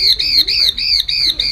Beep, beep, beep, beep, beep, beep.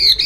Thank you.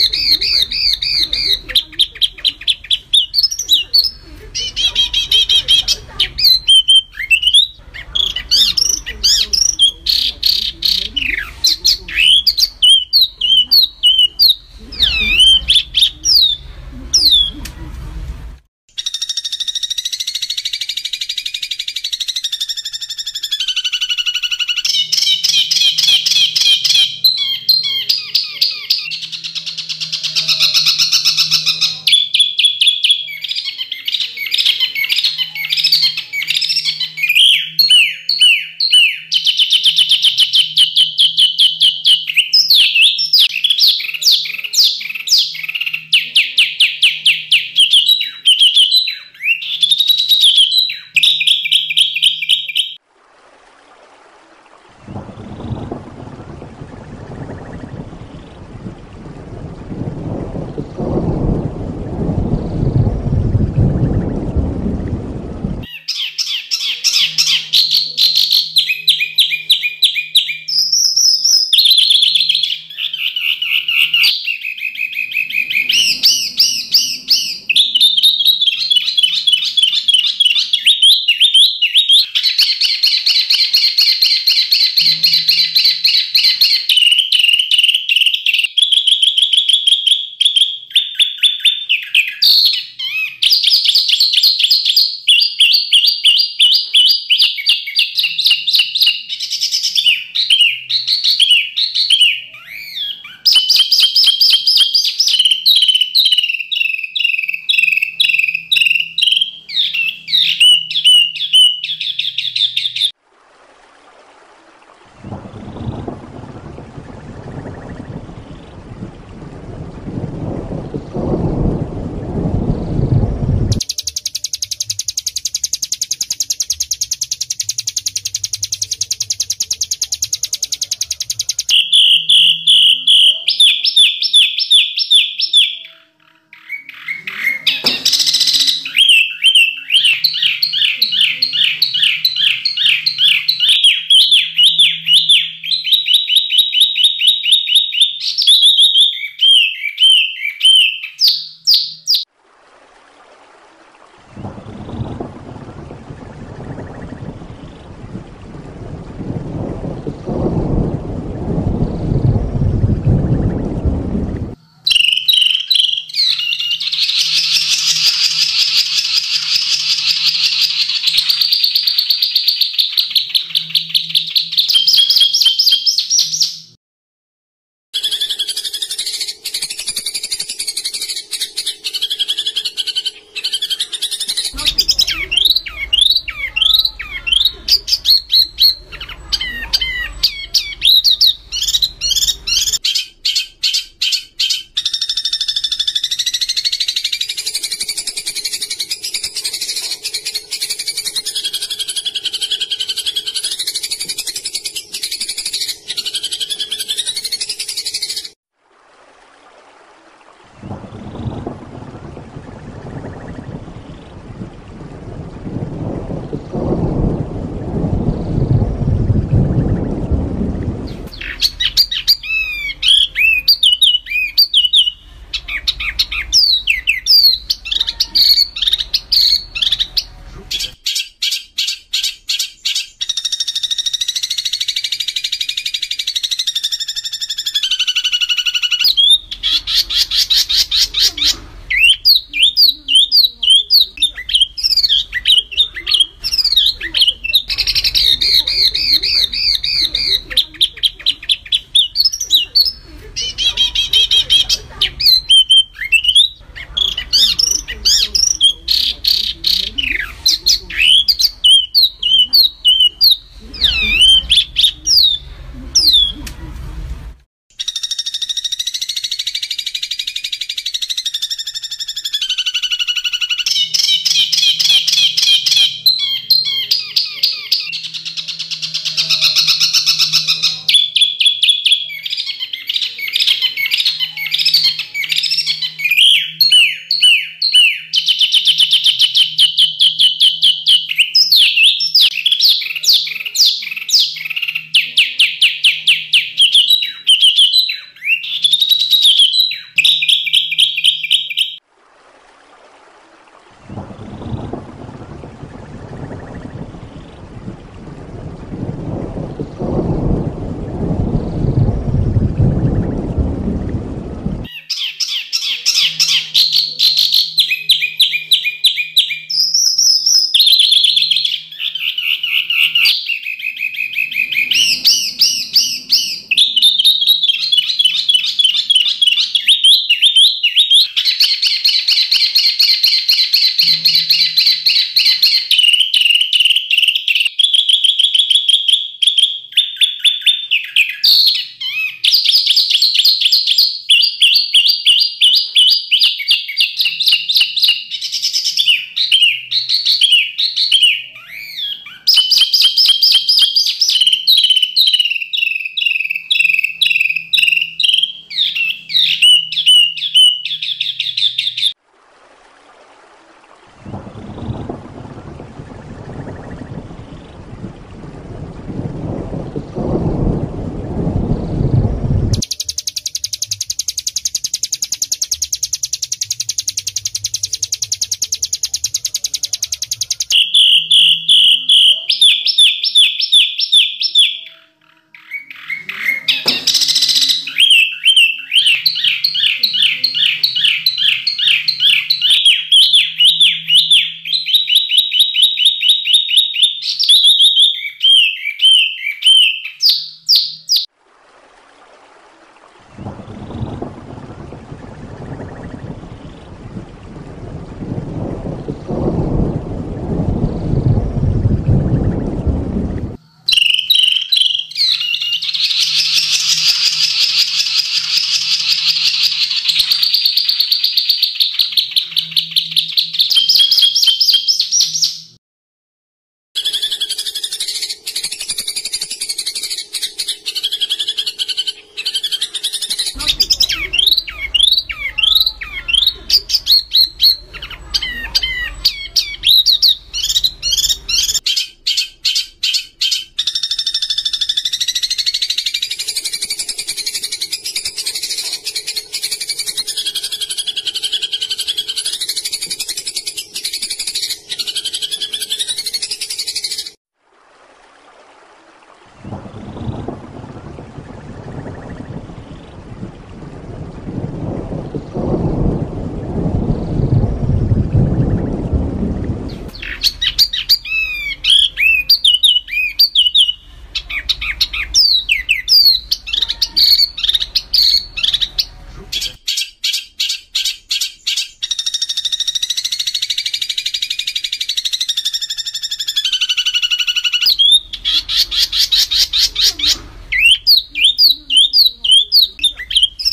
Thank you. Thank you.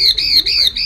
Excuse me, excuse me.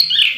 Thank you.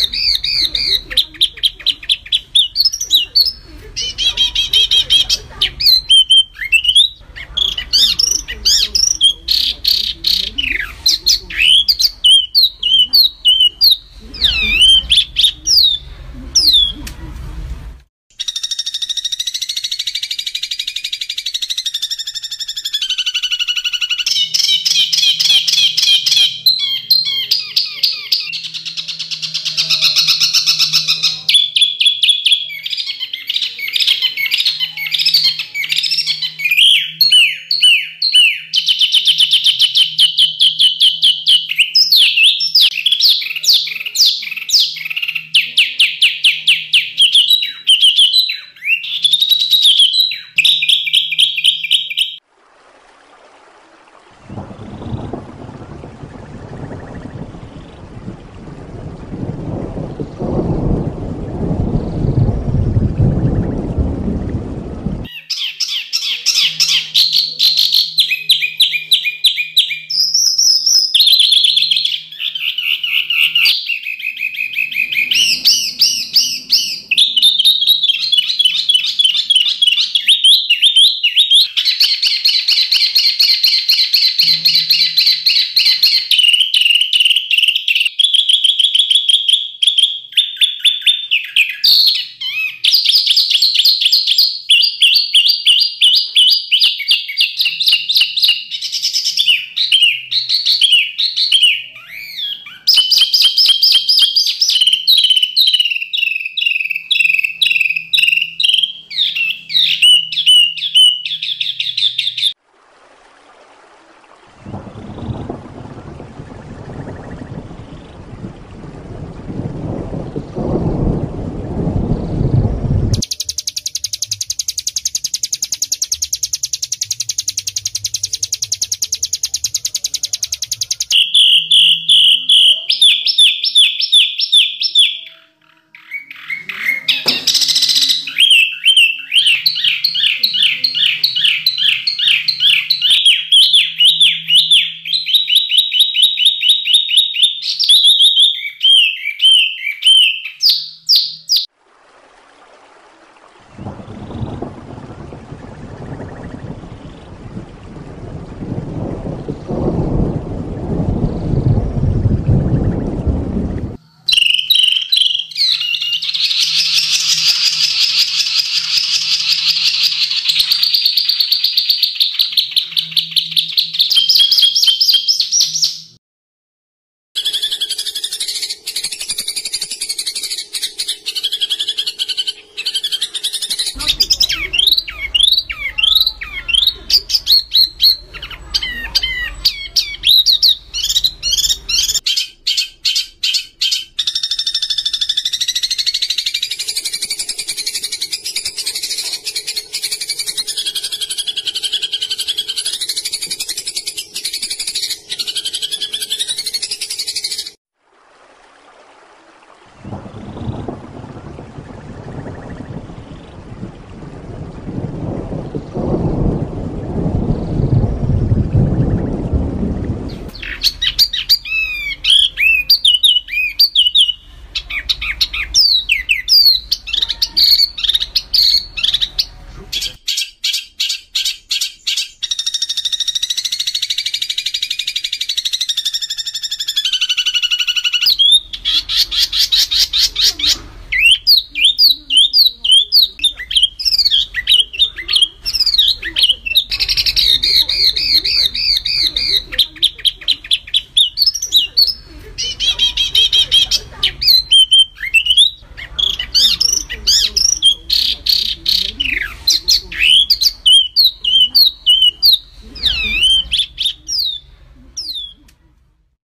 thank